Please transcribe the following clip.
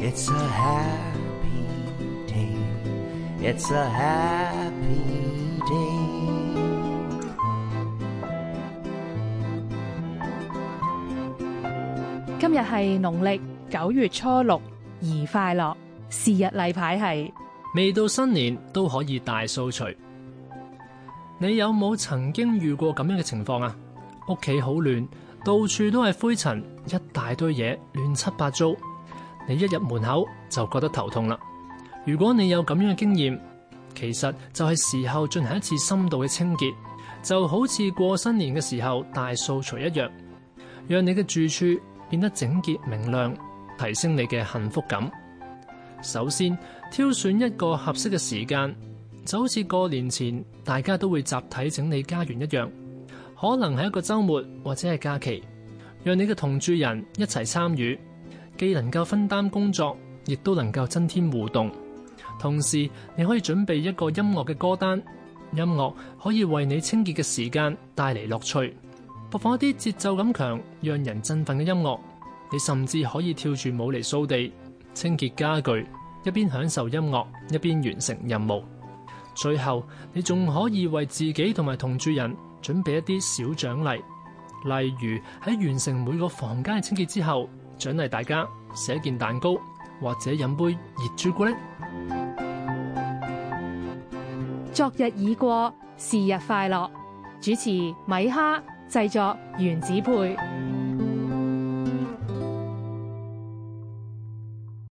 It's a happy day. It's a happy day. 今日係農曆九月初六，宜快樂。是日例牌係未到新年都可以大掃除。你有冇曾經遇過咁樣嘅情況啊？屋企好亂，到處都係灰塵，一大堆嘢，亂七八糟。你一入門口就覺得頭痛啦。如果你有咁樣嘅經驗，其實就係時候進行一次深度嘅清潔，就好似過新年嘅時候大掃除一樣，讓你嘅住處變得整潔明亮，提升你嘅幸福感。首先，挑選一個合適嘅時間，就好似過年前大家都會集體整理家園一樣，可能係一個周末或者係假期，讓你嘅同住人一齊參與。既能夠分擔工作，亦都能夠增添互動。同時，你可以準備一個音樂嘅歌單，音樂可以為你清潔嘅時間帶嚟樂趣。播放一啲節奏感強、讓人振奮嘅音樂，你甚至可以跳住舞嚟掃地、清潔家具，一邊享受音樂，一邊完成任務。最後，你仲可以為自己同埋同住人準備一啲小獎勵，例如喺完成每個房間嘅清潔之後。獎勵大家食一件蛋糕，或者飲杯熱朱古力。昨日已過，是日快樂。主持米哈，製作原子配。